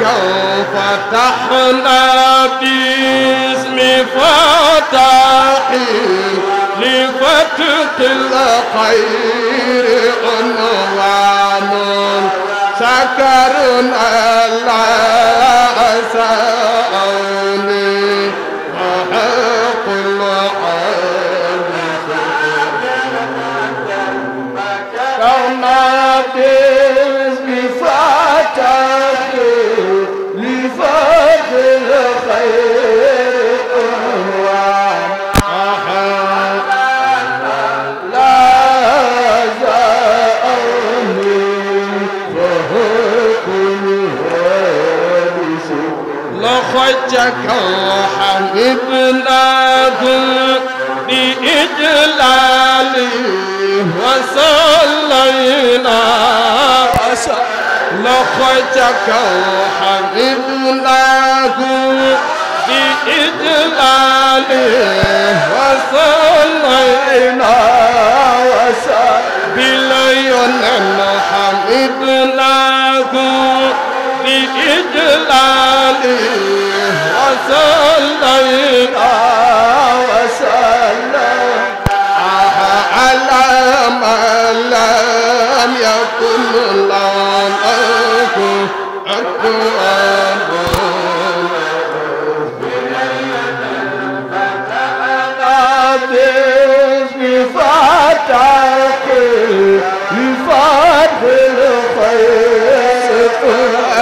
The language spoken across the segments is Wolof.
سوف فتحنا باسم فتح لفتح الخير عنوان سكرنا العسل تكوح ابناه بإجلاله وصلينا لخوتك وحبيب الله بإجلاله وصلينا بليل حبيب الله بإجلاله صلينا وسلم على من لم يكن لنا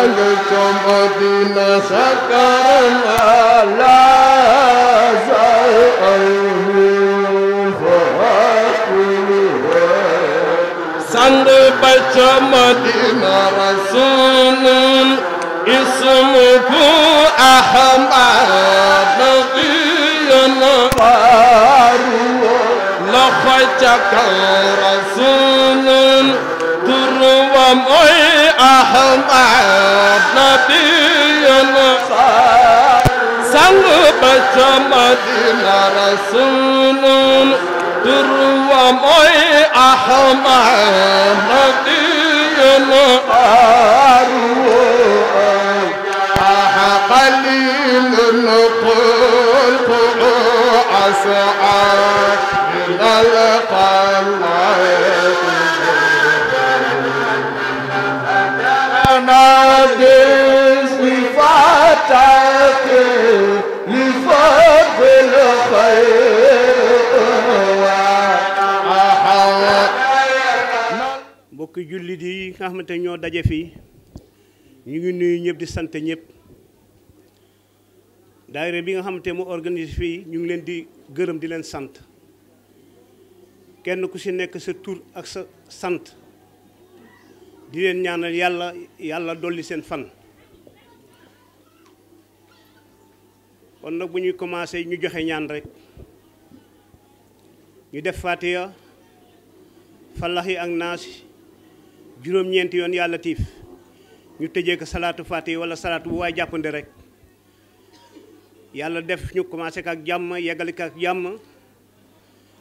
ملكتم أدين سكرنا لا سند بچا مدینہ رسول اسمه احمد رسول تروا مئ أحمد نبينا سلب جمدنا رسول دروا مي أحمد صلى قليل القلب عسى nga xamante ñoo daje fi ñu ngi nuyu ñëpp di santé ñëpp daayira bi nga xamante mo organiser fi ñu ngi leen di gërëm di leen sant kenn ku ci nekk sa tur ak sa sant di leen ñaanal yalla yalla dolli seen fan kon nak bu ñuy commencé ñu joxe ñaan rek ñu def fatiya falaxi ak nasi juróom-ñeenti yoon yàlla tiif ñu tëjee ko salaatu fàtte yi wala salaatu bu waay jàppandi rek yàlla def ñu commencé ko ak jàmm yeggale ko ak jàmm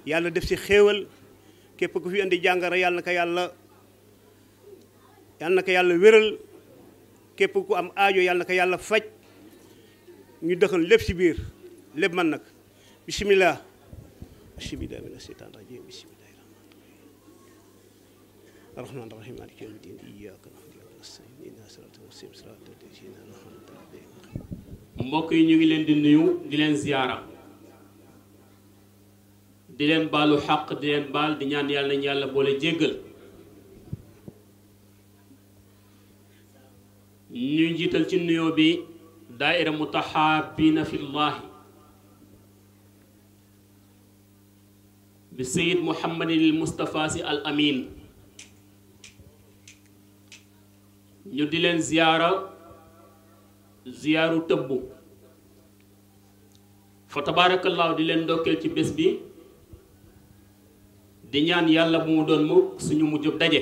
yàlla def si xéewal képp ku fi indi jàngara yàlla ko yàlla yàlla na ko yàlla wéral képp ku am aajo yàlla na ko yàlla faj ñu dëxal lépp si biir lépp man nag bisimilah. bisimilah mina seytaan الرحمن الرحيم مالك يوم الدين إياك نعبد وإياك نستعين إهدنا الصراط المستقيم صراط الذين أنعمت عليهم mbokk yi ñu ngi leen di nuyu di leen ziyaara di leen baalu xaq di leen baal di ñaan yàlla nañu yàlla boole jéggal ñu njiital ci nuyoo bi daaira mutahaabina fillaahi bi sayid muhammadin al mustafa si al amin ñu di leen ziyaara ziyaaru tëbbu fa tabaarakallaahu di leen ndokkeel ci bés bi di ñaan yàlla bu mu doon mu suñu mujjub daje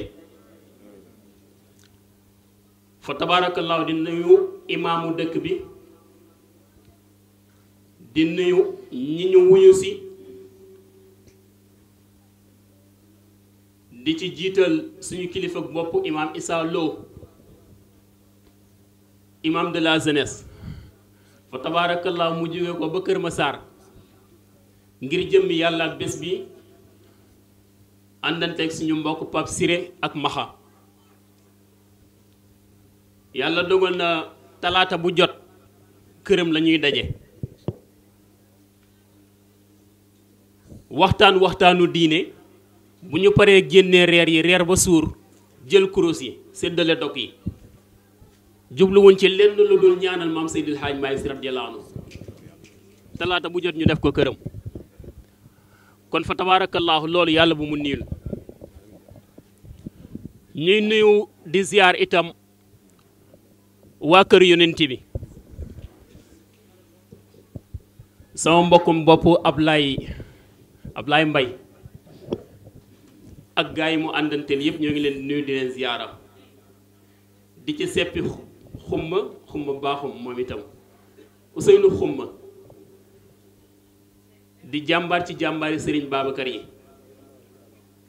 fa tabaarakallaahu di nuyu imaamu dëkk bi di nuyu ñi ñu wuyu si di ci jiital suñu kilifa boppu imaam Issa Lo imam de la jeunesse fa tabaarakallaa mu jóge ko ba Kër ma saar ngir jëmm yàlla bés bi àndanteeg suñu mbokk Pape Siré ak Maxa yàlla dogal na talaata bu jot këram lañuy daje waxtaan waxtaanu diine bu ñu paree génnee reer yi reer ba suur jël kurus yi séddale dog yi jubluwuñ ci lenn lu dul ñaanal maam Seydil Hadj Maay Si radiyallaahu anhu talaata bu jot ñu def ko këram kon fa tabaarakallaahu loolu yàlla bu mu niil ñuy nuyu di ziar itam waa kër yonent bi sama mbokkum bopp ab lay Mbay ak gars yi mu àndanteel yëpp ñoo ngi leen nuyu di leen ziara di ci seppi xumma xumma baaxum moom itam Ousseynou xumma di jàmbaar ci jàmbaari sëriñ Babacar yi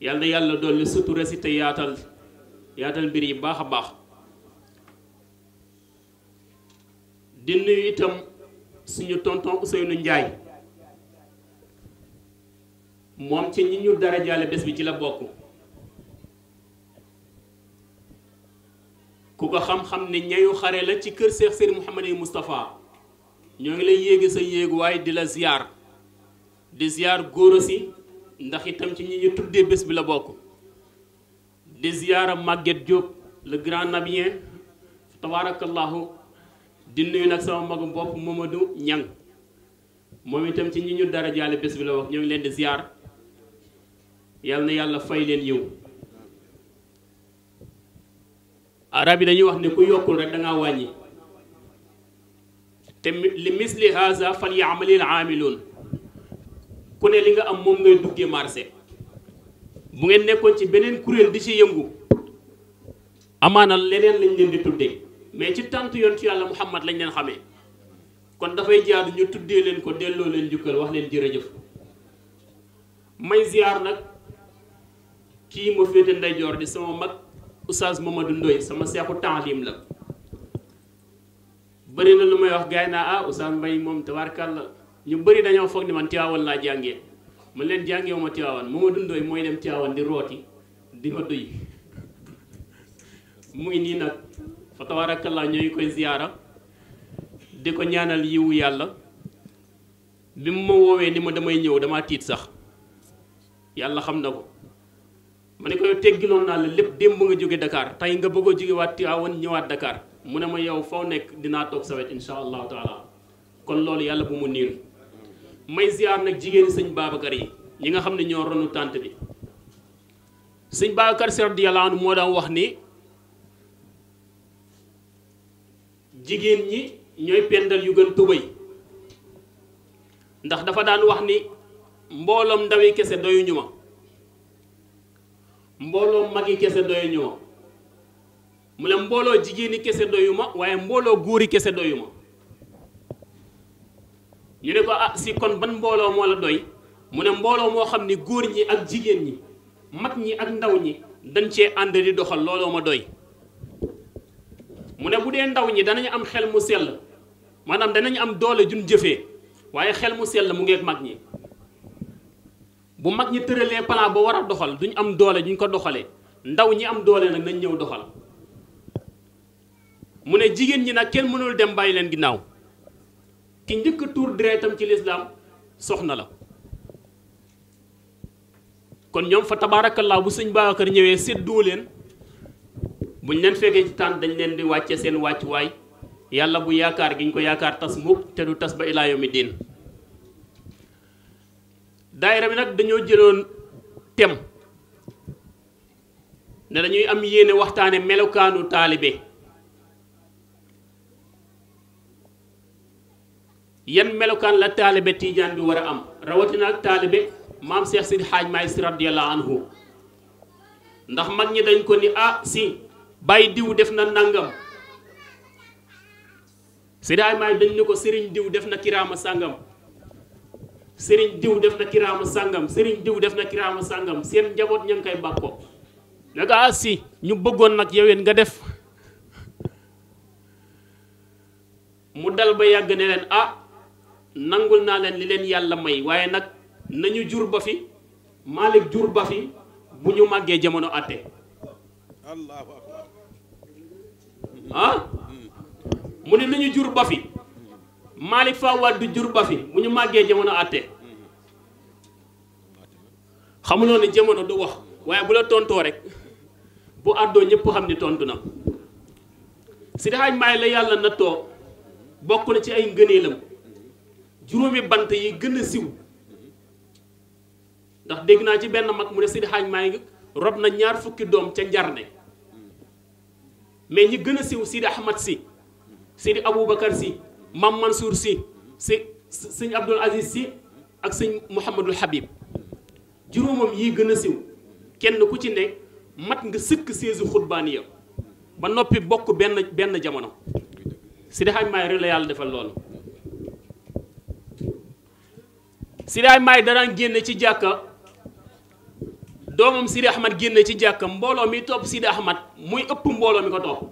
yàlla yàlla dolli sutura si te yaatal yaatal mbir yi baax baax di nuyu itam suñu tonton Ousseynou Ndiaye moom ci ñi ñu dara jaale bés bi ci la bokk ku ko xam-xam ne ñayu xare la ci kër Seex Sëriñ Mouhamed Moustapha ñoo ngi lay yéege sa yéegu waaye di la ziar di ziar góor si ndax itam ci ñi ñu tuddee bés bi la bokk di ziar Maguette Diop le grand nabien tabarakallahu di nuyu nag sama magu bopp Mamadou Niang moom itam ci ñi ñu dara jaale bés bi la wax ñoo ngi leen di ziar yal na yàlla fay leen yow arab yi dañuy wax ne ku yokkul rek da ngaa wàññi te li misli haza fal yaamalil aamiloon ku ne li nga am moom ngay duggee marché bu ngeen nekkoon ci beneen kuréel di ci yëngu amaana leneen lañ leen di tuddee mais ci tànt yoon ci yàlla muhammad lañ leen xamee kon dafay jaar ñu tuddee leen ko delloo leen jukkal wax leen jërëjëf may ziar nag kii ma féete ndeyjoor di sama mag oustaz Mamadou Ndoye sama seexu taalim la bëri na lu may wax gaay naa ah oustaz Mbaye moom tabaarkàlla ñu bari dañoo foog ni man Tiwaawan laa jàngee man leen jàngewu ma Tiwaawan Mamadou Ndoye mooy dem Tiwaawan di rooti di ma duy mu ngi nii nag fa tabaarkàlla ñoo ngi koy ziyaara di ko ñaanal yiwu yàlla bi mu ma woowee ni ma damay ñëw damaa tiit sax yàlla xam na ko ma ko yow teggiloon na la lepp dembu nga Dakar tay nga bëgg a jógewaat Tiwaawan ñëwaat Dakar mu ne ma yow faw nek dina tok sa wet inshallah taala kon loolu yalla bu mu niir may ziar nak jigéen sëñ babakar yi ñi nga xam ne ñoo ronu tante bi sëñ babakar si radiyallahu anhu wax ni jigéen ñi ñoy pendal yu gën tubay ndax dafa daan wax ni mbolam ndawi kesse doyu ñuma mbooloo yi kese doy ñu ma mu ne mbooloo jigéeni kese doyu ma waaye mbooloo góori kese doyu ma ñu ne ko ah si kon ban mbooloo moo la doy mu ne mbooloo moo xam ni góor ñi ak jigéen ñi mag ñi ak ndaw ñi dañ cee ànd di doxal looloo ma doy mu ne bu dee ndaw ñi danañ am xel mu sell maanaam danañ am doole jun jëfee waaye xel mu sell mu ngeeg mag ñi bu mag ñi tëralee plan ba war a doxal duñ am doole duñ ko doxalee ndaw ñi am doole nag nañ ñëw doxal mu ne jigéen ñi nag kenn mënul dem bàyyi leen ginnaaw ki njëkk tuur deretam ci lislaam soxna la kon ñoom fa tabaarakallaa bu sëñ Babacar ñëwee séddoo leen buñ leen fekkee ci tànn dañ leen di wàcce seen wàccuwaay yàlla bu yaakaar gi ñu ko yaakaar tas mukk te du tas ba ilaa yawmi daayira bi nag dañoo jëloon tem ne dañuy am yéene waxtaane melokaanu taalibe yan melokaan la taalibe tiijaan bi war a am rawatina ak taalibe maam Cheikh Sidi Hadj Maay si radiyallahu anhu ndax mag ñi dañ ko ni ah si bàyyi diw def na nangam Sidi Hadj Maay dañ ni ko sëriñ diw def na kiraama sàngam sëriñ diw def na kiraama sàngam sëriñ diw def na kiraamu sàngam seen njaboot ña kay koy bàkkoo nag ah si ñu bëggoon nag yoween nga def mu dal ba yàgg ne leen ah nangul naa leen li leen yàlla may waaye nag nañu jur ba fi Malick jur ba fi bu ñu màggee jamono àtte ah mu ne nañu jur ba fi Malick Fa du jur ba fi bu ñu màggee jamono àtte xamuloo ne jamono du wax waaye bu la tontoo rek bu àddoo ñëpp xam ni tontu na si daxaaj maay la yàlla nattoo bokk na ci ay ngëneelam juróomi bant yi gën siw ndax dégg naa ci benn mag mu ne Sidi Hadj Malick rob na ñaar fukki doom ca njarne mais ñi gën a siw Sidi Ahmad si Sidi Aboubacar si mam Mansour si si sëñ Abdul Aziz si ak sëñ Mouhamadul Habib juróomam yi gën a siw kenn ku ci ne mat nga sëkk seesu xutbaani ba noppi bokk benn benn jamono Sidi Hadj Maay la yàlla defal loolu Sidi Hadj Maay génne ci jàkka doomam Sidi Ahmad génne ci jàkka mbooloo mi topp Sidi Ahmad muy ëpp mbooloo mi ko topp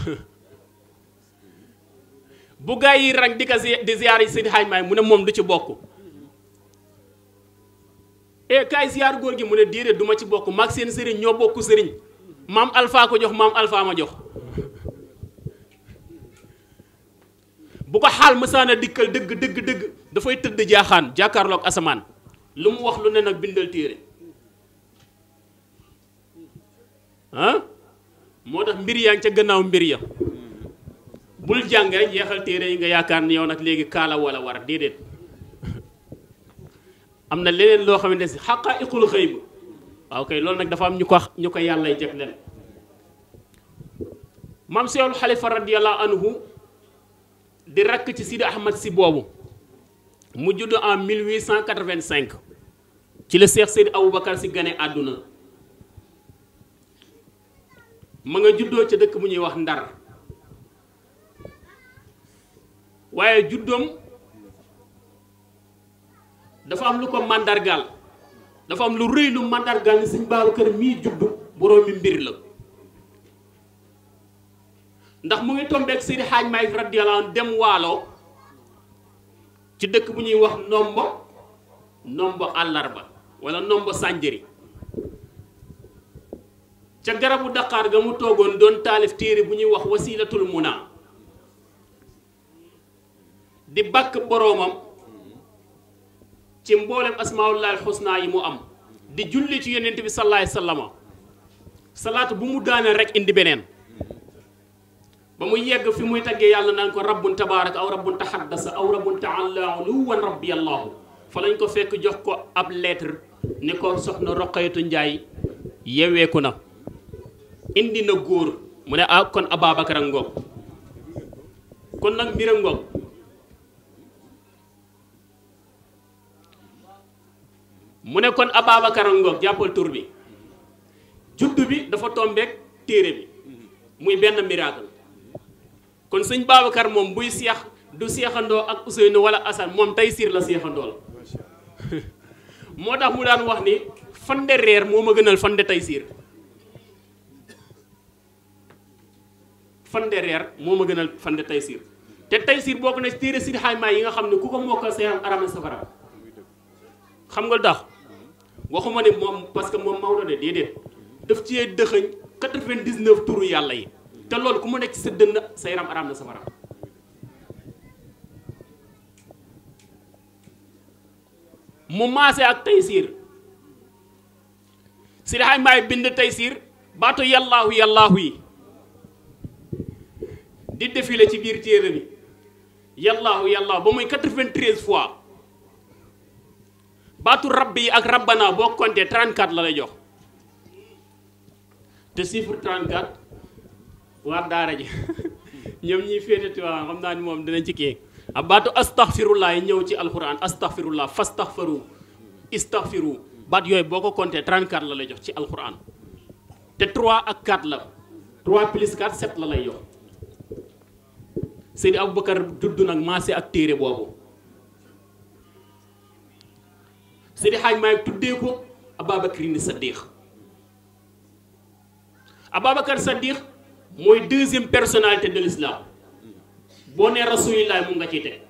bu gaa yi rang di ko di ziyaar yi seen xaaj mu ne moom du ci bokk e kaay ziyaar góor gi mu ne déedéet du ci bokk mag seen sëriñ ñoo bokk sëriñ maam alpha ko jox maam alpha ma jox bu ko xaal mësaana dikkal dëgg dëgg dëgg dafay tëdd jaaxaan jàkkaarlook asamaan lu mu wax lu ne nag bindal téere ah moo tax mbir yaa ngi ca gannaaw mbir ya bul jàng rek jeexal téere yi nga yaakaar ni yow nag léegi kaala wala war déedéet am na leneen loo xamante si xaqaa'iqul xëyb waaw kay loolu nag dafa am ñu ko ñu ko yàllay jagleel maam Seexul Xalifa radiyallahu anhu di rakk ci Sidi Ahmad si boobu mu judd en 1885 ci la Seex awu Aboubacar si gane àdduna ma nga juddoo ca dëkk bu ñuy wax Ndar waaye juddom dafa am lu ko mandargal dafa am lu rëy lu mandargal ni sëñ Babacar mii judd mi mbir la ndax mu ngi tombeeg Seydi Hadj Maye radiyallahu anhu dem waalo ci dëkk bu ñuy wax nombo nombo àllarba wala nombo sànjëri ca garabu Dakar ga mu toogoon doon taalif téere bu ñuy wax wasilatul munaa di bàkk boroomam ci mboolem asmaullahi alxusna yi mu am di julli ci yonent bi salaay sallama salaatu bu mu daaneel rek indi beneen ba mu yegg fi muy taggee yàlla naa ko rabbun tabaaraka aw rabbun taxaddasa aw rabbun taala rabbi allahu fa lañ ko fekk jox ko ab lettre ni ko soxna Roqaytu Njaay yeweeku na indi na góor mu ne a ah kon Ababacar a ngoog kon nag mbir a ngoog mu ne kon Ababacar ngoog jàppal tur bi juddu bi dafa tombeek téere bi muy benn miracle kon sëñ Babacar moom buy seex du seexandoo ak Ousseynou wala Assane moom Taysiir la seexandoo la moo tax mu daan wax ni fande reer moo ma gënal fande Taysiir fande reer moo ma gënal fande Taysiir te Taysiir bokk ne ci téere sirxaay yi nga xam ne ku ko mokkal seexal arama safara xam nga tax waxuma ne moom parce que moom Maodo de def ci cee dëxëñ 99 turu yàlla yi te loolu ku mu nekk sa dënn sa yaram araam na safara mu maase ak taysiir si daxay maay bind taysiir baatu yàllaahu yàllaahu yi di defile ci biir téere bi yàllaahu yàllaahu ba muy 93 fois baatu rab bi ak rabbanaa boo compté 34 la lay jox te chiffre 34 waar daara ji ñoom ñuy féete Tiwaawan xam naa ni moom dinañ ci kii ab baatu astaxfirullah ñëw ci alxuraan astaxfirullah fastaxfaru istaxfiru baat yooyu boo ko compté 34 la lay jox ci alxuraan te 3 ak 4 la 3 plus 4 7 la lay jox Seydi Aboubacar dudd nag maase ak téere boobu Seydi Hadj Malick tuddee ko Ababacar ni Saddiq Ababacar Saddiq mooy deuxième personnalité de boo nee Rasulillah moom nga ciy teg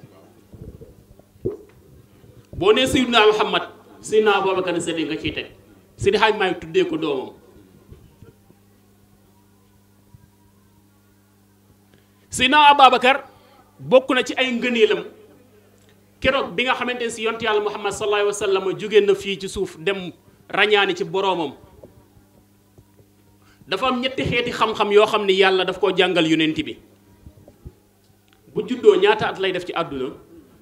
boo nee Seydina Muhammad Seydina Ababacar Saddiq nga ciy teg Seydi Hadj Malick tuddee ko doomam Seydina Ababacar bokk na ci ay ngëneelam keroog bi nga xamante ne si yontu yàlla muhammad sallallahu alayhi wa sallam jóge na fii ci suuf dem rañaani ci boroomam dafa am ñetti xeeti xam-xam yoo xam ni yàlla daf koo jàngal yonent bi bu juddoo ñaata at lay def ci àdduna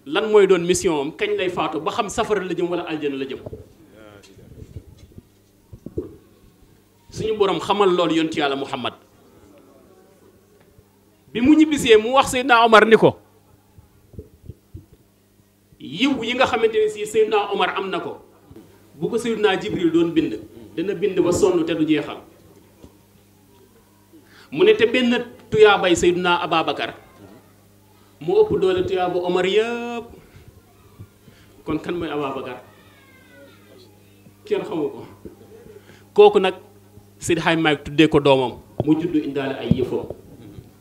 lan mooy doon mission am kañ lay faatu ba xam safara la jëm wala aljana la jëm suñu boroom xamal loolu yontu yàlla muhammad bi mu ñibbisee mu wax Seydina Omar ni ko yiw yi nga xamante ne si Seydina Omar am na ko bu ko Seydina Jibril doon bind dana bind ba sonn te du jeexal mu ne te benn tuyaabay Seydina Ababacar moo ëpp doole tuyaabu Omar yëpp kon kan mooy Ababacar kenn xamu ko kooku nag Seydi Hajji Maalik tuddee ko doomam mu juddu indaale ay yëfoo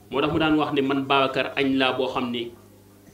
moo tax mu daan wax ne man Babacar añ laa boo xam ni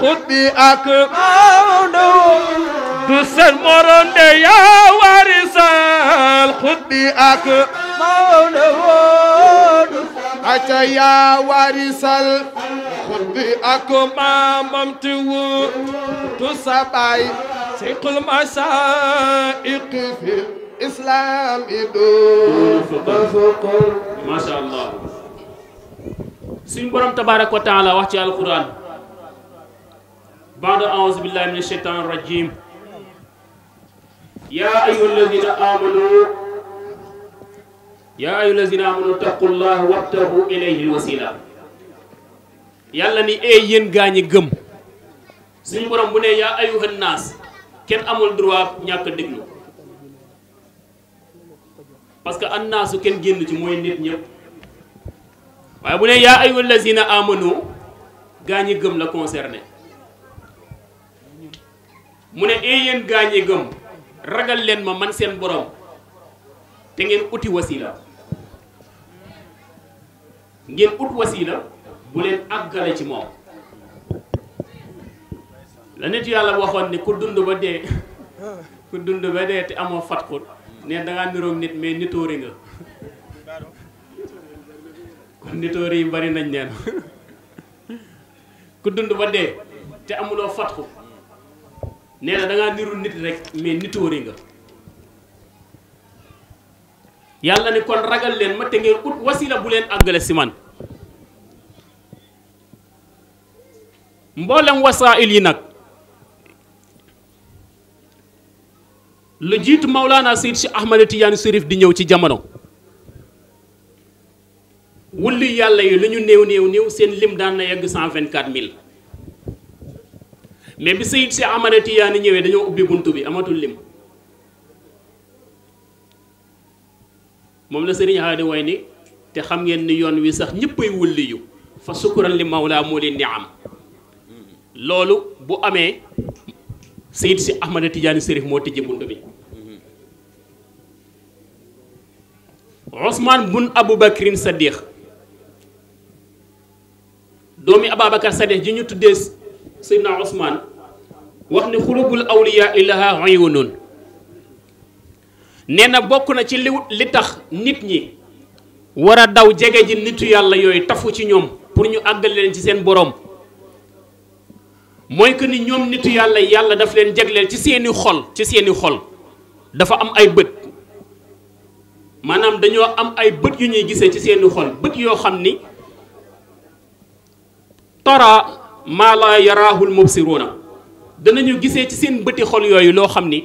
xut bi ak Maodo du seen morom de yaa warisal xut bi ak Maodo du aca bi ak maamam tiwu du sabay siqul masaiq fi wa taala wax ci alquran بعد أعوذ بالله من الشيطان الرجيم يا أيها الذين آمنوا يا أيها الذين آمنوا اتقوا الله yàlla ni ay yéen gaa gëm suñu borom bu ne yaa ayuhan naas kenn amul droit ñàkk a déglu parce que an naasu kenn génn ci mooy nit ñëpp waaye bu ne yaa ayuha lazina amanu gaa gëm la concerné mu ne ee eh, yéen gaañe gëm ragal leen ma man seen borom te ngeen uti wasila ngeen ut wasila bu leen àggale ci moom la nit yàlla waxoon ni ku dund ba dee ku dund ba dee te amoo fatxut ne dangaa niroog nit mais nitóori nga kon nitóori yi bari nañ neen ku dund ba dee te amuloo fatxut nee na da niru nit rek mais nitóori nga yàlla ni kon ragal leen ma te ngeen ut bu leen àggale si man mboolem wasaa'il yi nag lu jiitu Maulana Seydi Cheikh Ahmad Tidiane Chérif di ñëw ci jamono wulli yàlla yi lu ñu neew néew néew seen lim daan cent yegg 124 000. mais bi Seydi Cheikh Ahmada Tidiane ñëwee dañoo ubbi buntu bi amatul lim moom la sëriñ Haadi way ni te xam ngeen ni yoon wi sax ñëppay wulli yu fa sukkural li mawlaa moo leen di am loolu bu amee Seydi Cheikh Ahmada Tidiane Chérif moo tijji buntu bi Ousmane bun Aboubacrin Sadiq doomi Ababacar Sadiq ji ñu tuddee Seydina Ousmane wax ne xulubul awliyaa ilaha uyunun nee na bokk na ci li li tax nit ñi war a daw jege ji nitu yàlla yooyu tafu ci ñoom pour ñu àggal leen ci seen boroom mooy que ni ñoom nitu yàlla yàlla daf leen jagleel ci seeni xol ci seeni xol dafa am ay bët maanaam dañoo am ay bët yu ñuy gisee ci seeni xol bët yoo xam ni tara maa laa yaraahul mubsiruuna danañu gisee ci seen bëti xol yooyu loo xam ni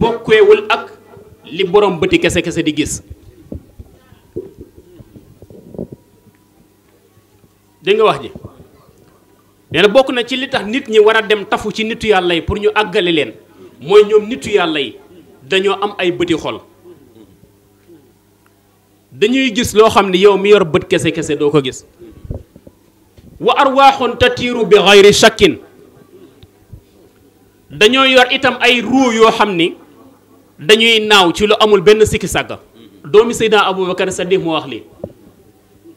bokkeewul ak li borom bëti kese kese di gis dégg nga wax ji nee na bokk na ci li tax nit ñi war a dem tafu ci nitu yàlla yi pour ñu àggale leen mooy ñoom nitu yàlla yi dañoo am ay bëti xol dañuy gis loo xam ni yow mi yor bët kese kese doo ko gis wa arwaaxun tatiiru bi xayri shakkin dañoo yor itam ay ruu yoo xam ni dañuy naaw ci lu amul benn sikki sàgga doomi Seydina Aboubacar Saddiq moo wax lii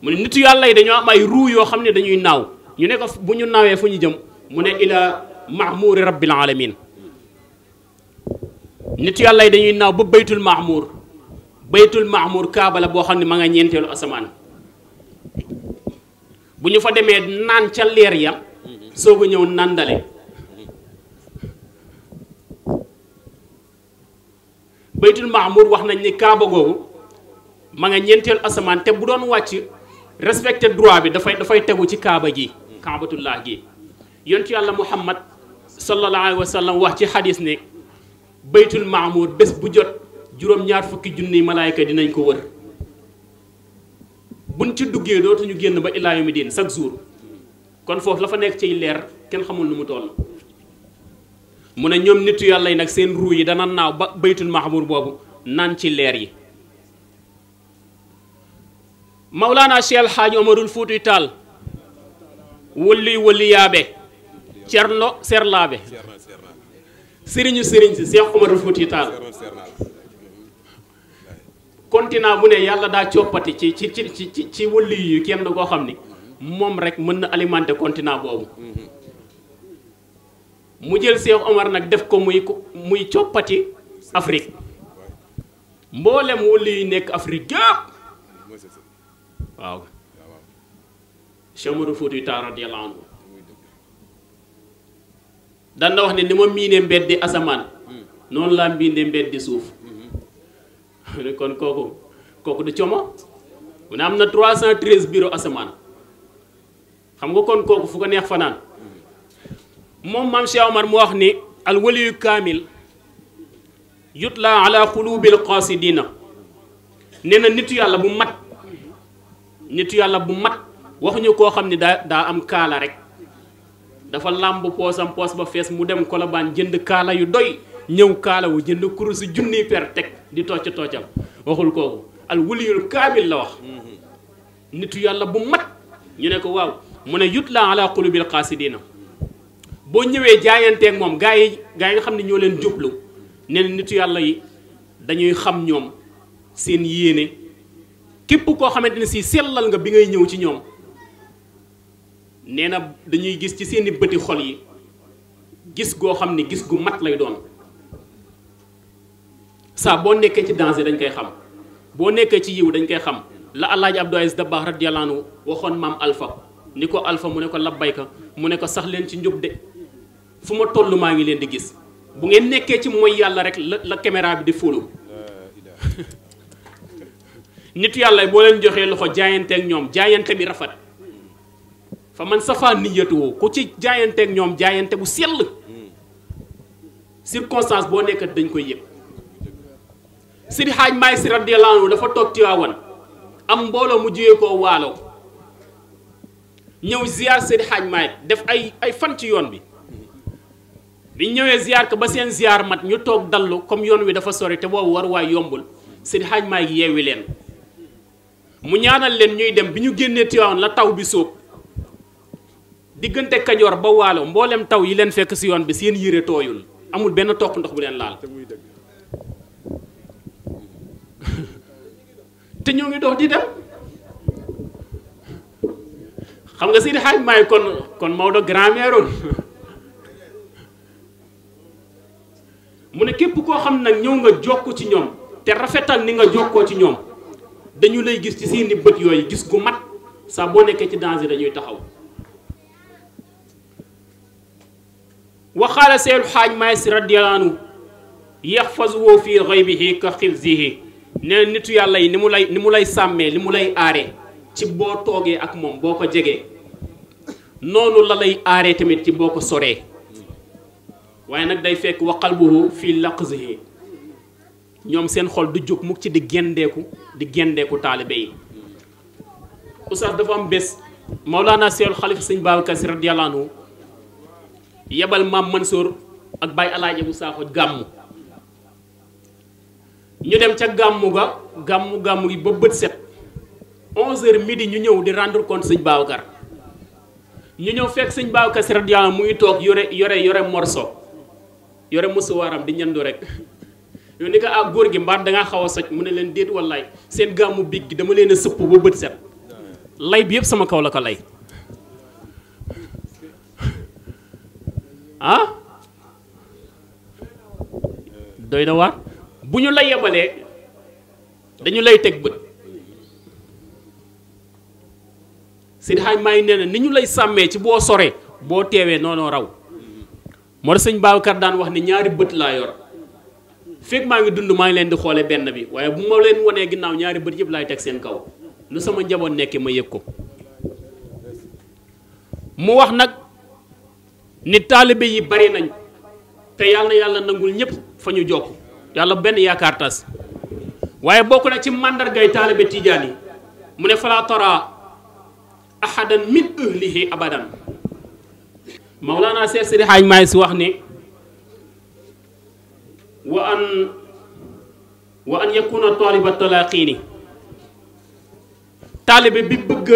mu ne nitu yàlla yi dañoo am ay ruu yoo xam ne dañuy naaw ñu ne ko bu ñu naawee fu ñu jëm mu ne ila mahmuuri rabbil alamin nitu yàlla yi dañuy naaw ba baytul mahmuur baytul mahmuur kaaba la boo xam ne ma nga ñeenteelu asamaan bu ñu fa demee naan ca leer ya soog a ñëw nàndale baytul mahmur wax nañ ni kaaba googu ma nga ñeenteelu asamaan te bu doon wàcc respecte droit bi dafay dafay tegu ci kaaba gi kaabatullah gi yontu yàlla muhammad sallallahu alayhi wa sallam wax ci xadis ne baytul mahmur bés bu jot juróom-ñaar fukki junniy malaayka dinañ ko wër buñ ci duggee dootuñu génn ba illaa yawmi diin chaque jour kon foofu la fa nekk ciy leer kenn xamul nu mu toll. mu ne ñoom nitu yàlla yi nag seen ruu yi dana naaw ba baytul mahmur boobu naan ci leer yi Mawlaana Cheikh El Hadj Omarul Fuuti Taal wëlluy wëlli yaabe cerno serlaabe sëriñu sëriñ si Cheikh Omarul Fuuti Taal continent bu ne yàlla daa coppati ci ci ci ci ci wëlli yu kenn koo xam ni moom rek mën na alimenter continent boobu mu jël Cheikh Omar nag def ko muy muy coppati Afrique mboolem wëlli yu nekk Afrique yëpp waaw Cheikh wax ne ni ma miinee mbeddi asamaan noonu laa miinee mbeddi suuf mu kon kooku kooku du como mu ne am na cent 313 bureau asamaan xam nga kon kooku fu ko neex fanaan moom maam Cheikh mu wax ni al waliyu kaamil yutla ala xulubil qasidina nee na nittu yàlla bu mat nitu yàlla bu mat waxuñu koo xam ni daa daa am kaala rek dafa làmb poosam poos ba fees mu dem kolobaan jënd kaala yu doy ñëw kaalawu jënd kurus junni per teg di tocc toccal waxul kooku al waliyul kaamil la wax nitu yàlla bu mat ñu ne ko waaw mu ne yut laa ala qulubil qaasidiina boo ñëwee jaayanteeg moom gaa yi gaa yi nga xam ne ñoo leen jublu ne nitu yàlla yi dañuy xam ñoom seen yéene képp koo xamante ne si sellal nga bi ngay ñëw ci ñoom nee na dañuy gis ci seeni bëti xol yi gis goo xam ne gis gu mat lay doon saa boo nekkee ci danger dañ koy xam boo nekkee ci yiw dañ koy xam la alaaji Abdou Aziz Dabakh radiyallaahu anhu waxoon maam alfa ni ko alfa mu ne ko labbayka mu ne ko sax leen ci njub de fu ma toll maa ngi leen di gis bu ngeen nekkee ci mooy yàlla rek la la bi di fóolu nit yàlla boo leen joxee loxo jaayante ak ñoom jaayante bi rafet fa man safaa niyatuwoo ku ci jaayanteeg ñoom jaayante bu sell circonstance boo nekkat dañ koy yëg Sidi xaaj Mbaye si radiyallahu anhu dafa toog Tiwaawan am mbooloo mu jiyee ko waalo ñëw ziar Sidi Hadj Mbaye def ay ay fan ci yoon bi bi ñëwee ziar ko ba seen ziar mat ñu toog dallu comme yoon wi dafa sori te boobu war waay yombul Sidi Hadj Mbaye yeewi leen mu ñaanal leen ñuy dem bi ñu génnee Tiwaawan la taw bi sóob diggante Kajoor ba waalo mboolem taw yi leen fekk si yoon bi seen yére tooyul amul benn topp ndox bu leen laal. te ñoo ngi dox di dem xam nga Seydi Hadj Maay kon kon Maodo grand-mère mu ne képp koo xam nag ñëw nga jokk ci ñoom te rafetal ni nga jokkoo ci ñoom dañu lay gis ci seeni bët yooyu gis gu mat saa boo nekkee ci danger dañuy taxaw waxaala seelu xaaj maay si radiyallahu anhu yaxfazuhu fi xaybihi ka xifzihi nee nitu yàlla yi ni mu lay ni mu lay sàmmee li mu lay aaree ci boo toogee ak moom boo ko jegee noonu la lay aaree tamit ci boo ko soree waaye nag day fekk wa fi fii laqzihi ñoom seen xol du jóg mukk ci di gendeeku di gendeeku taalibe yi oustaz dafa am bés Mawlana Seyul Xalifa Sëñ Babacar Si radiyallahu anhu yebal maam Mansour ak Baye Alaaji bu Saaxo gàmmu ñu dem ca gàmmu ga gàmmu gàmmu gi ba bët set 11h midi ñu ñëw di rendre compte sëñ Babacar ñu ñëw fekk sëñ Babacar Sy radiyallahu mu ngi toog yore yore yore morso yore musuwaaram di ñandu rek yow ni ko ah góor gi mbaat da ngaa xaw a soj mu ne leen déet wallaay seen gàmmu big gi dama leen a sëpp ba bët set lay bi yëpp sama kaw la ko lay ah doy na bu ñu la yemalee dañu lay teg bët Seydi Hadj Maalik nee na ni ñu lay sàmmee ci boo soree boo teewee noonu raw moo tax sëñ Babacar daan wax ni ñaari bët laa yor fekk maa ngi dund maa ngi leen di xoolee benn bi waaye bu ma leen wanee ginnaaw ñaari bët yëpp laay teg seen kaw lu sama njaboot nekkee ma yëg ko mu wax nag ni taalibe yi bari nañ te yàlla na yàlla nangul ñëpp fa ñu jokk yalla ben yaakar tas waye bokku na ci mandar gay talibé yi mune fala tara ahadan min ahlihi abadan Maulana seex sidi xaaj may si wax ni wa an wa an yakuna at talaqini talibé bi bëgg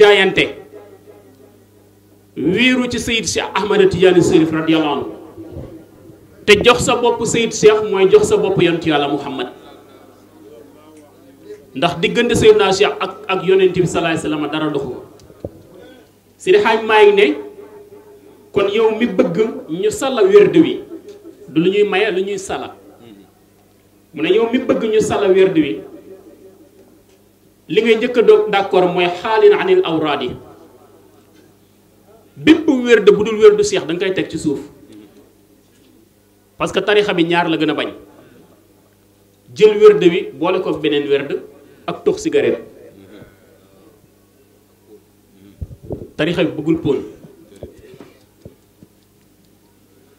jaayante wiru ci sayyid cheikh ahmad tijaani sërif radiyallahu anhu te jox sa bopp Seydou Cheikh mooy jox sa bopp yonent yàlla Muhammad ndax diggante Seydina Cheikh ak ak yonent bi salaay salaam dara doxu si di xaaj maa ngi ne kon yow mi bëgg ñu sala wérd wi lu ñuy maye lu ñuy sala mu ne yow mi bëgg ñu sala wérd wi li ngay njëkk a doog d'accord mooy xaalin anil awraad yi bépp wérd bu dul wérdu seex da koy teg ci suuf parce que tarixa bi ñaar la gën a bañ jël wird wi boole ko beneen wird ak tox cigarette tarixa bi bëggul poon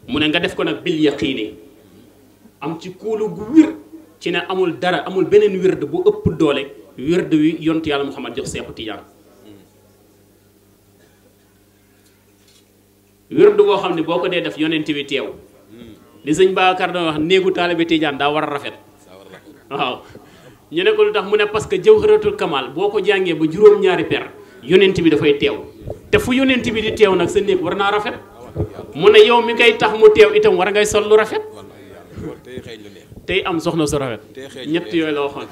mu ne nga def ko nag bil yaqiini am ci kuulu gu wér ci ne amul dara amul beneen wird bu ëpp doole wird wi yontu yàlla Muhammad jox Seexu Tijaan wérde boo xam ne boo ko dee def yonent wi teew li sëñ Babacar doon wax néegu taalibe Tidiane daa war a rafet waaw ñu ne ko lu tax mu ne parce que jawharatul kamal boo ko jàngee ba juróom-ñaari per yonent bi dafay teew te fu yonent bi di teew nag sa néeg war naa rafet mu ne yow mi ngay tax mu teew itam war ngay sol lu rafet tey am soxna su rafet ñett yooyu la waxoon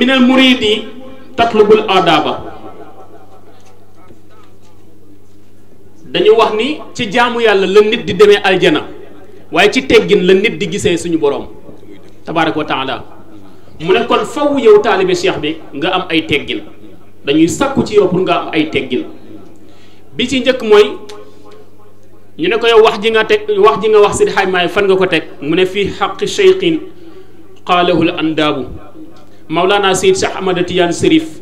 min al muridi tatlubul adaba dañu wax ni ci jaamu yàlla la nit di demee aljana waaye ci teggin la nit di gisee suñu boroom tabaaraka wa taala mu ne kon faw yow taalibe cheikh bi nga am ay teggin dañuy sàkku ci yow pour nga am ay teggil bi ci njëkk mooy ñu ne ko yow wax ji nga teg wax ji nga wax si xaaj xaymaay fan nga ko teg mu ne fii xaqi cheikhin qaalahu al andaabu Mawlana Seyd Cheikh Ahmada Tidiane Serif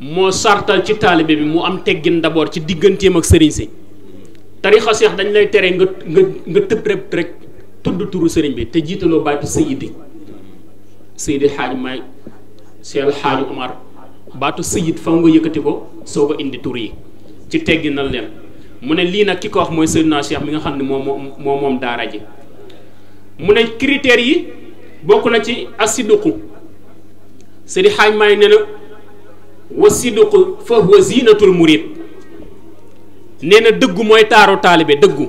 moo sartal ci taalibe bi mu am teggin d'abord ci digganteem ak sëriñ si tarixa Cheikh dañ lay tere nga nga nga tëb rek rek tudd turu sëriñ bi te jiitaloo baatu Seydi Seydi Xaaj Maay baatu Seyid faw nga yëkkati ko soo ko indi tur yi ci tegginal leen mu ne lii nag ki ko wax mooy Seydina Cheikh mi nga xam ne moom moom moom daara ji mu ne critères yi bokk na ci asiduqu sëriñ xaaj maay nee na wa sidqu fa huwa zinatul nee na dëggu mooy taaru taalibe dëggu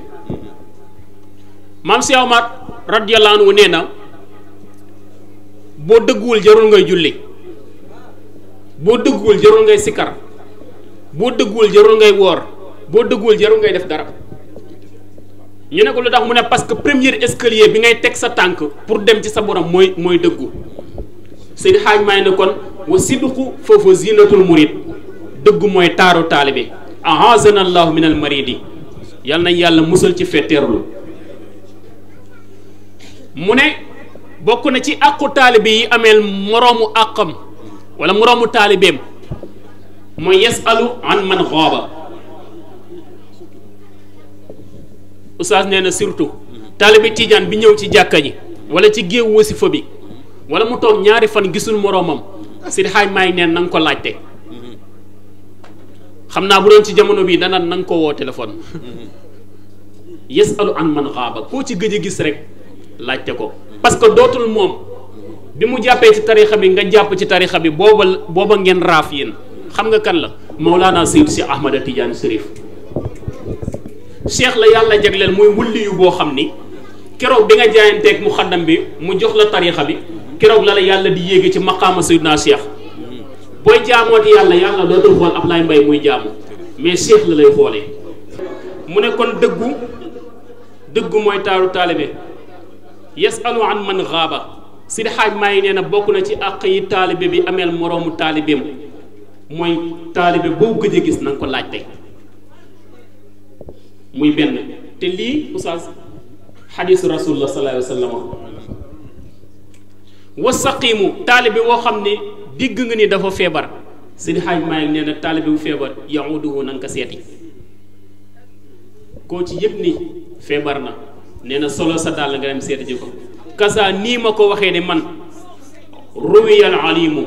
maam si Omar radiyallahu anhu nee na boo dëgguwul jarul ngay julli boo dëgguwul jarul ngay sikkar boo dëgguwul jarul ngay woor boo dëgguwul jarul ngay def dara ñu ne ko lu tax mu ne parce que premier escalier bi ngay teg sa tànk pour dem ci sa borom mooy mooy dëggu Seydi Xaaj Maay ne kon wa sidqu foofu zinatul murid dëgg mooy taaru taalibe ahazana allahu min al maridi yal nañ yàlla musal ci fetteerlu mu ne bokk na ci àqu taalibe yi ameel moroomu àqam wala moroomu taalibeem mooy yasalu an man xooba oustaz nee na surtout taalibe tijaan bi ñëw ci jàkka ji wala ci géew wasifa bi wala mu tok ñaari fan gisul moromam sidi hay may neen nang ko laajte xam naa bu doon ci jamono bi dana na ko wo telephone yasalu an man xaaba ko ci geje gis rek laajte ko parce que dotul mom bi mu jappé ci tarixa bi nga japp ci tarixa bi boba ngeen raf yeen xam nga kan la maulana si ahmad tidiane Sirif. cheikh la yalla jagleel moy wulli yu bo xamni ni bi nga ak mu xaddam bi mu jox la tarixa bi keroog la la yàlla di yéege ci maqaama sayyidina Cheikh booy jaamooti yàlla yàlla dootul xool Ablaye mbay muy jaamu mais Cheikh la lay xoolee. mu ne kon dëggu dëggu mooy taaru taalibe yasalu an man xaaba Sidi Xaaj maa yi nee na bokk na ci àq yi taalibe bi ameel moroomu taalibeem mooy taalibe boo gëj a gis na ko laaj tey muy benn te lii oustaz xadiisu rasulullah sallallahu alayhi wasaqimu taalibe woo xam ne digg nga ni dafa feebar sëñ xaaj Maalik nee na taalibe bu feebar yahuduhu na nga ko seeti koo ci yëg ni feebar na nee na solo sa dàll nga dem seeti ji ko kasa nii ma ko waxee ne man ruwiyal alimu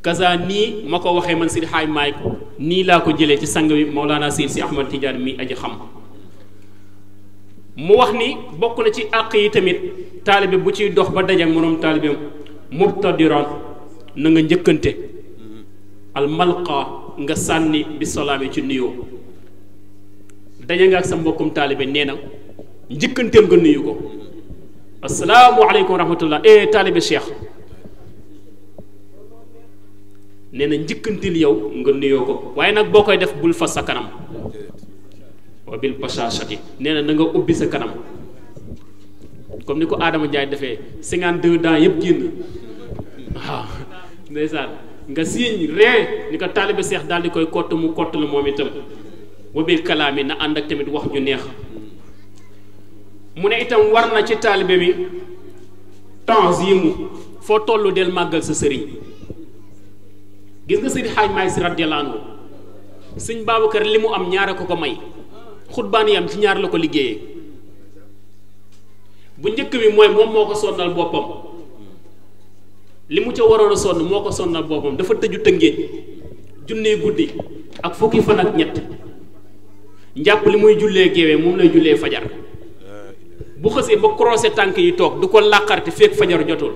kasa nii ma ko waxee man sëñ xaaj Maalik nii laa ko jëlee ci sang bi Mawlaana Seydi si Ahmad Tidiane mi aji xam mu wax ni bokk na ci àq yi tamit taalibe bu ciy dox ba daje moroom taalibeem mubtadiran na nga njëkkante almalqa nga sànni bi salaami ci nuyoo daje nga ak sa mbokkum taalibe nee na njëkkanteel nga nuyu ko asalaamualeykum wa rahmatullah eh taalibe cheikh nee na njëkkanteel yow nga nuyoo ko waaye nag boo koy def bul fas sa kanam wa bil bashashati nee na na ubbi sa kanam comme ni ko aadama Ndiaye defee 52 dents yëpp génn nga siiñ rien ni ko taalibe seex daal di koy kott mu kott la moom itam wa bil kalaam yi na ànd ak tamit wax ju neex mu ne itam war na ci taalibe bi temps yi mu foo toll del màggal sa sëriñ gis nga sëriñ xaaj maay si radiyallahu anhu sëñ Babacar li mu am ñaare ko ko may yam ci ñaar la ko liggéeyee bu njëkk bi mooy moom moo ko sonnal boppam li mu ca waroon a sonn moo ko sonnal boppam dafa tëju tëngéej junnee guddi ak fukki fan ak ñett njàpp li muy jullee géewee moom lay jullee fajar bu xësee ba croisé tànk yi toog du ko làqarte fekk fajar jotul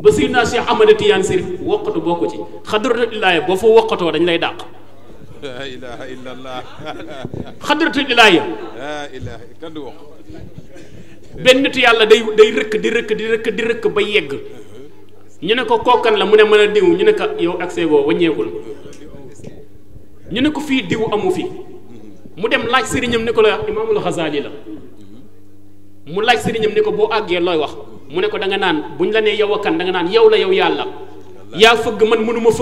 ba siy naa Cheikh Ahmada Tijaan wokkatu bokku ci xadratu Ilaahi boo fa wokkatoo dañ lay dàq ilaha illallah xadratul ilahiya la ilaha kan du wax benn nit yàlla day day rëkk di rëkk di rëkk di rëkk ba yegg ñu ne ko kookan la mu ne mën a diw ñu ne ko yow ak seegoo wàññeekul ñu ne ko diw amu fi mu dem laaj sëriñam ne ko la imaamul xasaali la mu laaj sëriñam ne ko bo àggee looy wax mu ne ko da nga naan buñ la nee yow akan da nga naan yow la yow man mënuma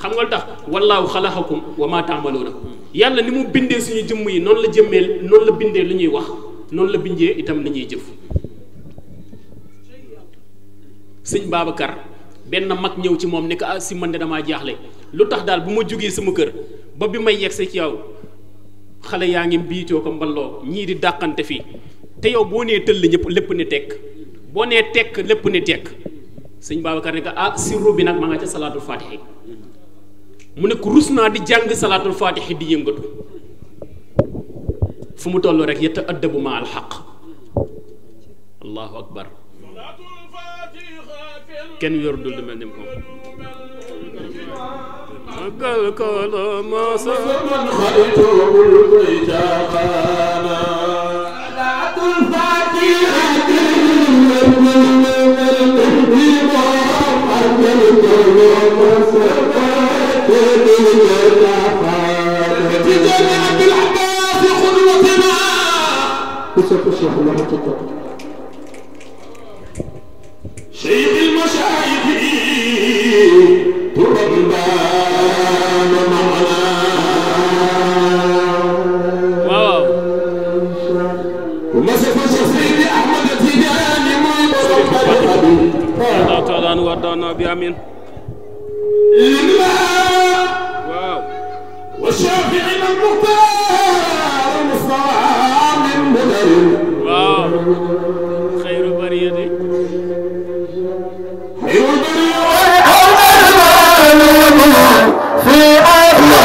xam nga lu tax wallaahu xalaxakum wa maa taamaloona yàlla ni mu bindee suñu jëmm yi noonu la jëmmee noonu la bindee lu ñuy wax noonu la bindee itam li ñuy jëf sëñ Babacar benn mag ñëw ci moom ne ko ah si man de damaa jaaxle lu tax daal bu ma jógee sama kër ba bi may yegsee ci yow xale yaa ngi mbiitoo ko mballoo ñii di dàqante fii te yow boo nee tëll ñëpp lépp ne tekk boo nee tekk lépp ne tekk sëñ Babacar ne ko ah sirru bi nag maa nga ca salaatul faatiha mu ne ko rus naa di jàng salaatul faatixi di yëngatu fu mu toll rek yetta addabu ma alxaq allahu akbar kenn wéeru dul du mel ni moom akal kala masa man xaltuul bayta qaala salaatul faatixati تجاني عبد العباس قدوتنا وستفلح لها تتقى شيخ المشايخ تربان معنا الله تعالى وردانا بأمين لله والشافعي من مختار مصطفى من بدر واو خير البرية خير البرية في أهل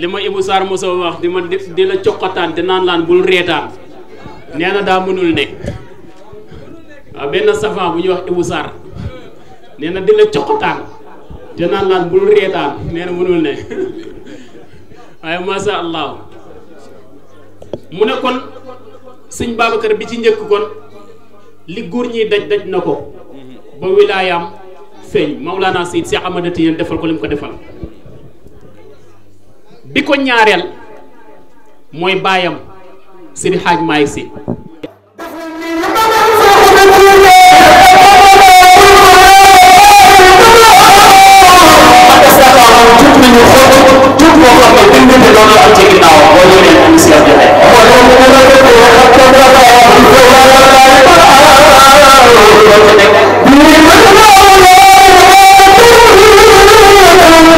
Lima ibu sar musa wax di ma di la ciokatan te nan lan bul retan neena da munul mënul ne waaw ah, benn savant bu ñu wax ibu sar neena di la ciokatan te nan lan bul retan neena munul mënul ay ma sha allah mu ne kon seigne babakar bi ci ñeek kon li ñi daj daj na ba wilayam feeñ Maulana Seyd Cheikh amadou Tidiane defal ko lim ko defal. bi ko ñaareel mooy baayam Seydi Hadj Malick Sy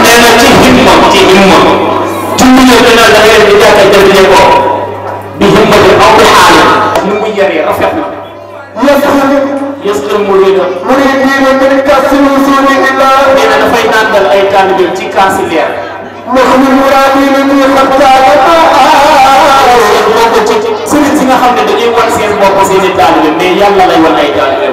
nee na ci himma ci himma mu ñëw dina la leen di jàkka jëndee ko di himmatu aw bi xaal ni mu yaree rafet na. yaslamul murida muridina min kasi lusuli ila nee na dafay nàndal ay taalibe ci kaasi leer. ndax ñu muraadi li ñuy xam taalibe bokk ci sëriñ si nga xam ne dañuy wan seen bopp seen i taalibe mais yàlla lay wan ay taalibe.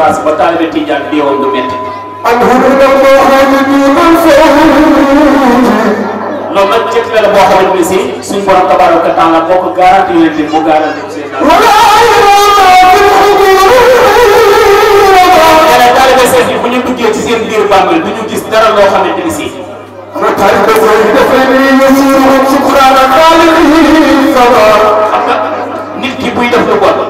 souffrance ba taalibe Tijaan bi woon du metti loolu nag jëkk la boo xamante ni si suñu borom tabaaraka wa taala moo ko garanti leen di mu garanti seen taalibe seet yi bu ñu duggee ci seen biir bàmmeel du ñu gis dara loo xamante ni si xam nga nit ki buy def lu bon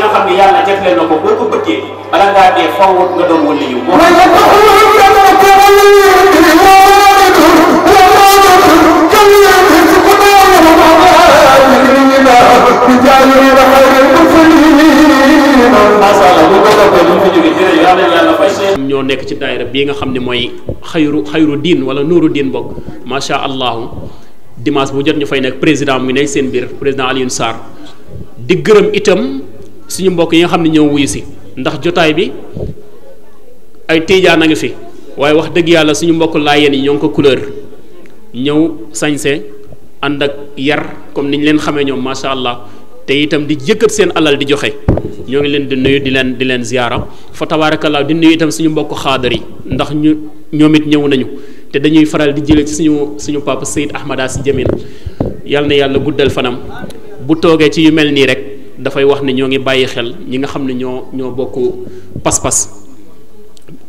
nga ko boo ko ñoo nekk ci daayira bii nga xam ne mooy xayru xayru diin wala nuuru diin bokk macha allah dimanche bu jot ñu fay nekk président mu nekk seen biir président Alioune Sarr di gërëm itam suñu mbokk yi nga xam ne ñëw wuyu si ndax jotaay bi ay tiijaan a ngi fi waaye wax dëgg yàlla suñu mbokk yen yi ñoo ngi ko couleur ñëw sañse ànd ak yar comme ni ñu leen xamee ñoom macha allah te itam di jëkkat seen alal di joxe ñoo ngi leen di nuyu di leen di leen ziyaara fa tabaarakallaa di nuyu itam suñu mbokk xaadar yi ndax ñu ñoom it ñëw nañu te dañuy faral di jëlee ci suñu suñu papa Seyd Ahmada si Jamil yàlla na yàlla guddal fanam bu toogee nii rek. dafay wax ne ñoo ngi bàyyi xel ñi nga xam ne ñoo ñoo bokk pas-pas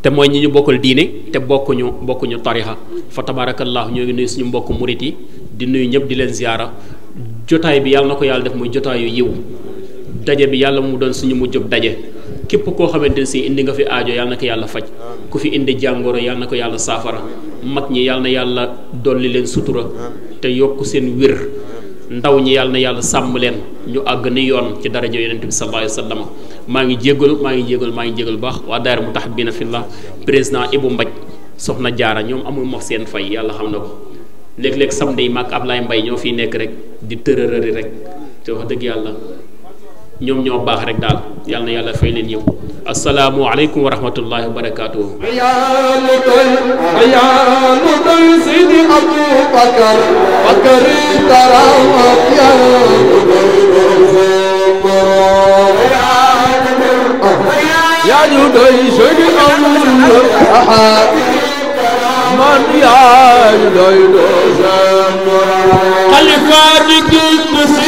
te mooy ñi ñu bokkal diine te bokkuñu bokkuñu tarixa fa tabarakallah ñoo ngi nuyu suñu mbokk murit yi di nuyu ñëpp di leen ziyaara jotaay bi yàlla na ko yàlla def muy jotaayu yiw daje bi yàlla mu doon suñu mu mujjub daje képp koo xamante ne si indi nga fi aajo yàlla na ko yàlla faj ku fi indi jàngoro yal na ko yàlla saafara mag ñi yàlla na yàlla dolli leen sutura te yokk seen wér ndaw ñi yàlla na yàlla sàmm leen ñu àgg ni yoon ci daraja yonent bi sallallahu sa wa maa ngi jégalu maa ngi jégalu maa ngi lu baax waa daayira mu tax bii na fi la président Ibou Mbaj soxna jaara ñoom amul mox seen fay yàlla xam na ko léeg-léeg samedi mag maag Ablaye Mbay ñoo fiy nekk rek di tërërëri rek te wax dëgg yàlla ñoom ñoo baax rek daal yàlla na yàlla fay leen yëpp asalaamu aleykum wa rahmatullahi wa barakaatuhu yaa ñu doy sëñ amul ahad man yaa ñu doy doo seen xalifa di gis si